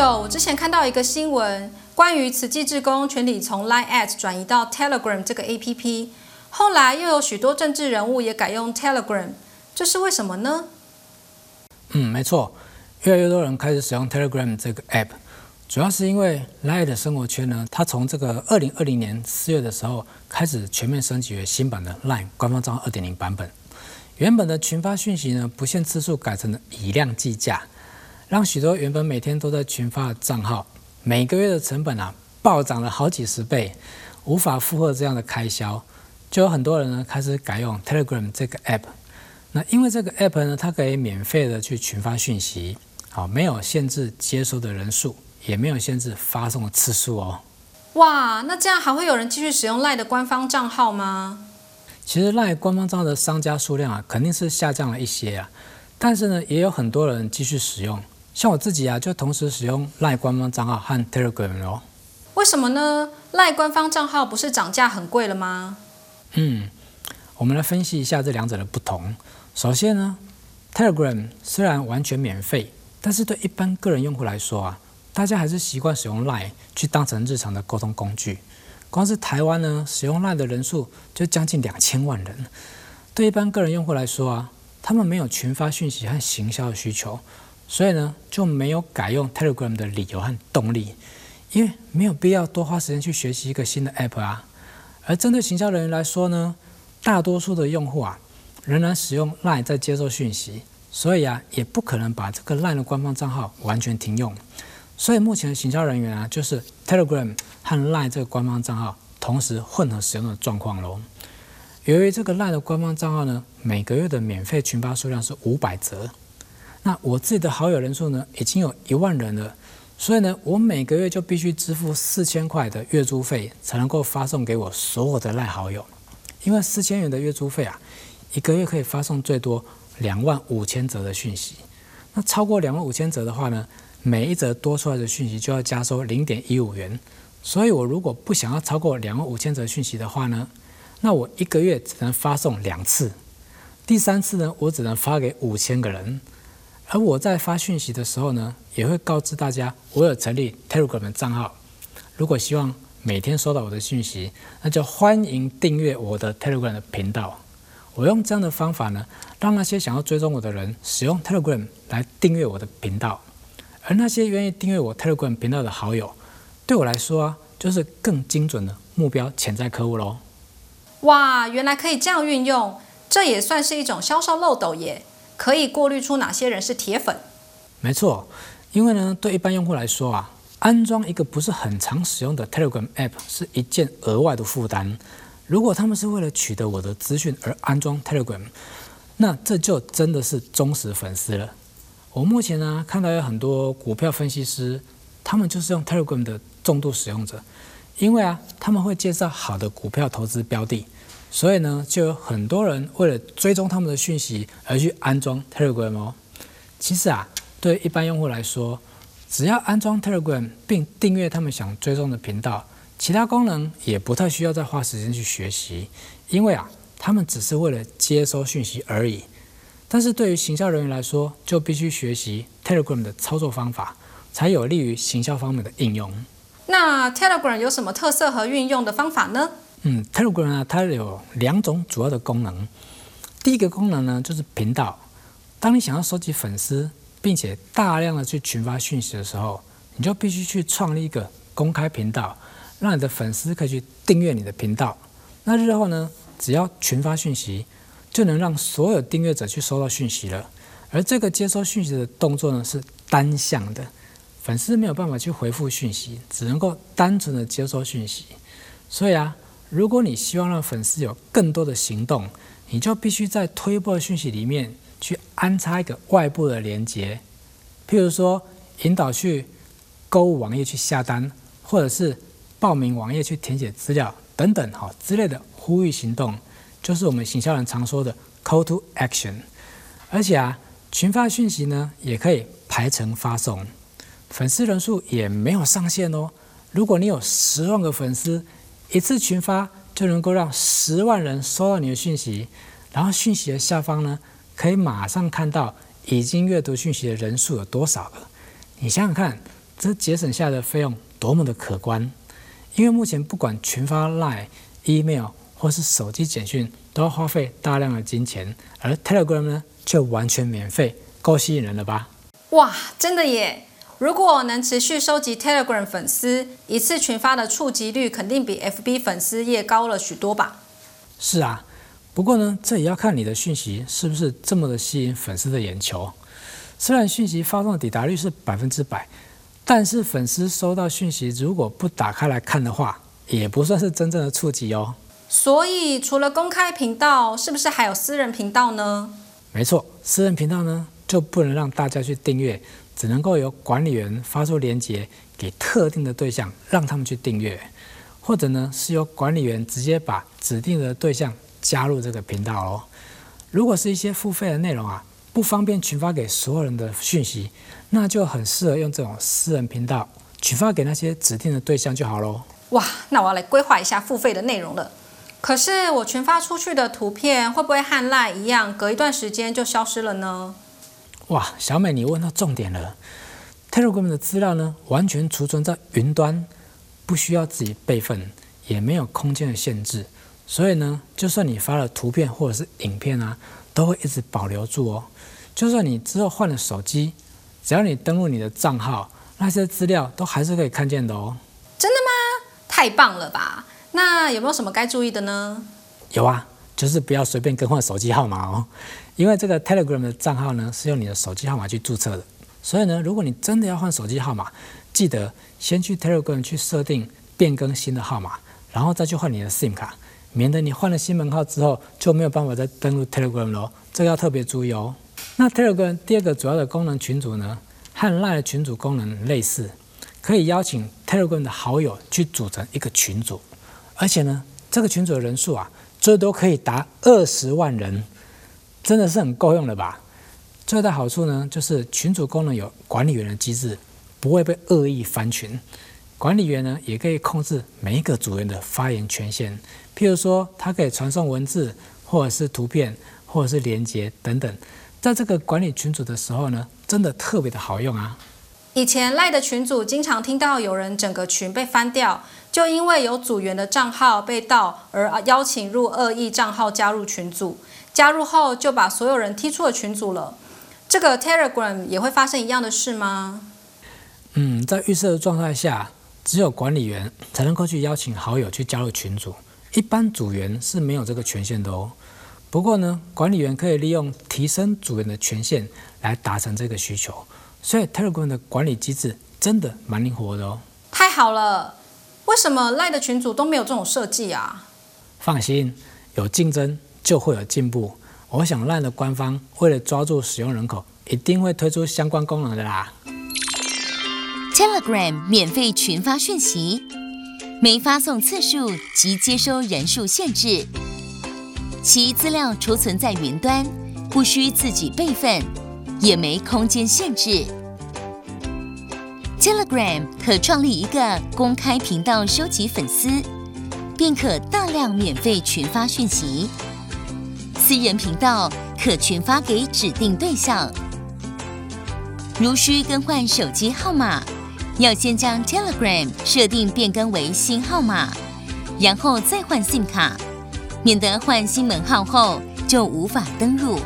我之前看到一個新聞，關於慈濟志工群體從 Line@ 轉移到 Telegram 這個 APP，後來又有許多政治人物也改用 Telegram，這是為什麼呢？嗯，沒錯，越來越多人開始使用 Telegram 這個 App，主要是因為 Line 的生活圈呢，它從這個二零二零年四月的時候開始全面升級為新版的 Line 官方賬號二點零版本，原本的群發訊息呢，不限次數改成了以量計價。讓許多原本每天都在群發的賬號，每個月的成本啊暴漲了好幾十倍，無法負荷這樣的開銷，就有很多人呢開始改用 Telegram 這個 app。那因為這個 app 呢，它可以免費的去群發訊息，好、哦，沒有限制接收的人數，也沒有限制發送的次數哦。哇，那這樣還會有人繼續使用 Line 的官方賬號嗎？其實 Line 官方賬號的商家數量啊肯定是下降了一些啊，但是呢也有很多人繼續使用。像我自己啊，就同時使用 LINE 官方賬號和 Telegram 咯。為什麼呢？LINE 官方賬號不是漲價很貴了嗎？嗯，我們來分析一下這兩者的不同。首先呢，Telegram 雖然完全免費，但是對一般個人用戶來說啊，大家還是習慣使用 LINE 去當成日常的溝通工具。光是台灣呢，使用 LINE 的人數就將近兩千萬人。對一般個人用戶來說啊，他們沒有群發訊息和行銷的需求。所以呢，就沒有改用 Telegram 的理由和動力，因為沒有必要多花時間去學習一個新的 App 啊。而針對行銷人員來說呢，大多數的用戶啊，仍然使用 Line 在接收訊息，所以啊，也不可能把這個 Line 的官方賬號完全停用。所以目前的行銷人員啊，就是 Telegram 和 Line 這個官方賬號同時混合使用的狀況嘍。由於這個 Line 的官方賬號呢，每個月的免費群發數量是五百則。那我自己的好友人數呢，已經有一萬人了，所以呢，我每個月就必須支付四千塊的月租費，才能夠發送給我所有的賴好友。因為四千元的月租費啊，一個月可以發送最多兩萬五千則的訊息。那超過兩萬五千則的話呢，每一則多出來的訊息就要加收零點一五元。所以我如果不想要超過兩萬五千則訊息的話呢，那我一個月只能發送兩次，第三次呢，我只能發給五千個人。而我在發訊息的時候呢，也會告知大家，我有成立 Telegram 的賬號。如果希望每天收到我的訊息，那就歡迎訂閱我的 Telegram 的頻道。我用這樣的方法呢，讓那些想要追蹤我的人使用 Telegram 來訂閱我的頻道。而那些願意訂閱我 Telegram 頻道的好友，對我來說啊，就是更精準的目標潛在客戶嘍。哇，原來可以這樣運用，這也算是一種銷售漏斗耶。可以過濾出哪些人是鐵粉？沒錯，因為呢，對一般用戶來說啊，安裝一個不是很常使用的 Telegram app 是一件額外的負擔。如果他們是為了取得我的資訊而安裝 Telegram，那這就真的是忠實粉絲了。我目前呢，看到有很多股票分析師，他們就是用 Telegram 的重度使用者，因為啊，他們會介紹好的股票投資標的。所以呢，就有很多人為了追蹤他們的訊息而去安裝 Telegram 哦。其實啊，對一般用戶來說，只要安裝 Telegram 並訂閱他們想追蹤的頻道，其他功能也不太需要再花時間去學習，因為啊，他們只是為了接收訊息而已。但是對於行銷人員來說，就必須學習 Telegram 的操作方法，才有利於行銷方面的應用。那 Telegram 有什麼特色和運用的方法呢？嗯，Telegram 啊，它有兩種主要的功能。第一個功能呢，就是頻道。當你想要收集粉絲，並且大量的去群發訊息的時候，你就必須去創立一個公開頻道，讓你的粉絲可以去訂閱你的頻道。那日後呢，只要群發訊息，就能讓所有訂閱者去收到訊息了。而這個接收訊息的動作呢，是單向的，粉絲沒有辦法去回復訊息，只能夠單純的接收訊息。所以啊，如果你希望讓粉絲有更多的行動，你就必須在推播訊息裡面去安插一個外部的連接，譬如說引導去購物網頁去下單，或者是報名網頁去填寫資料等等，哈之類的呼籲行動，就是我們行銷人常說的 call to action。而且啊，群發訊息呢也可以排程發送，粉絲人數也沒有上限哦。如果你有十萬個粉絲。一次群發就能夠讓十萬人收到你的訊息，然後訊息的下方呢，可以馬上看到已經閱讀訊息的人數有多少個。你想想看，這節省下的費用多麼的可觀！因為目前不管群發 LINE、E-mail 或是手機簡訊，都要花費大量的金錢，而 Telegram 呢，卻完全免費，夠吸引人了吧？哇，真的耶！如果能持續收集 Telegram 粉絲，一次群發的觸及率肯定比 FB 粉絲頁高了許多吧？是啊，不過呢，這也要看你的訊息是不是這麼的吸引粉絲的眼球。雖然訊息發送的抵達率是百分之百，但是粉絲收到訊息如果不打開來看的話，也不算是真正的觸及哦。所以除了公開頻道，是不是還有私人頻道呢？沒錯，私人頻道呢就不能讓大家去訂閱。只能夠由管理員發出連結給特定的對象，讓他們去訂閱，或者呢是由管理員直接把指定的對象加入這個頻道哦。如果是一些付費的內容啊，不方便群發給所有人的訊息，那就很適合用這種私人頻道，群發給那些指定的對象就好嘍。哇，那我要來規劃一下付費的內容了。可是我群發出去的圖片會不會和 Line 一樣，隔一段時間就消失了呢？哇，小美，你問到重點了。Telegram 的資料呢，完全儲存在雲端，不需要自己備份，也沒有空間的限制。所以呢，就算你發了圖片或者是影片啊，都會一直保留住哦。就算你之後換了手機，只要你登錄你的賬號，那些資料都還是可以看見的哦。真的嗎？太棒了吧！那有沒有什麼該注意的呢？有啊。就是不要隨便更換手機號碼哦，因為這個 Telegram 的賬號呢，是用你的手機號碼去註冊的，所以呢，如果你真的要換手機號碼，記得先去 Telegram 去設定變更新的號碼，然後再去換你的 SIM 卡，免得你換了新門號之後，就沒有辦法再登錄 Telegram 哦，這個要特別注意哦。那 Telegram 第二個主要的功能群組呢，和 LINE 的群組功能類似，可以邀請 Telegram 的好友去組成一個群組，而且呢，這個群組的人數啊。最多可以達二十萬人，真的是很夠用了吧？最大的好處呢，就是群主功能有管理員的機制，不會被惡意翻群。管理員呢，也可以控制每一個組員的發言權限，譬如說，他可以傳送文字，或者是圖片，或者是連接等等。在這個管理群組的時候呢，真的特別的好用啊。以前賴的群組經常聽到有人整個群被翻掉。就因為有組員的賬號被盜而邀請入惡意賬號加入群組，加入後就把所有人踢出了群組了。這個 Telegram 也會發生一樣的事嗎？嗯，在預設的狀態下，只有管理員才能夠去邀請好友去加入群組，一般組員是沒有這個權限的哦。不過呢，管理員可以利用提升組員的權限來達成這個需求，所以 Telegram 的管理機制真的蠻靈活的哦。太好了。為什麼 LINE 的群組都沒有這種設計啊？放心，有競爭就會有進步。我想 LINE 的官方為了抓住使用人口，一定會推出相關功能的啦。Telegram 免費群發訊息，沒發送次數及接收人數限制，其資料儲存在雲端，不需自己備份，也沒空間限制。Telegram 可創立一個公開頻道收集粉絲，並可大量免費群發訊息。私人頻道可群發給指定對象。如需更換手機號碼，要先將 Telegram 設定變更為新號碼，然後再換 SIM 卡，免得換新門號後就無法登入。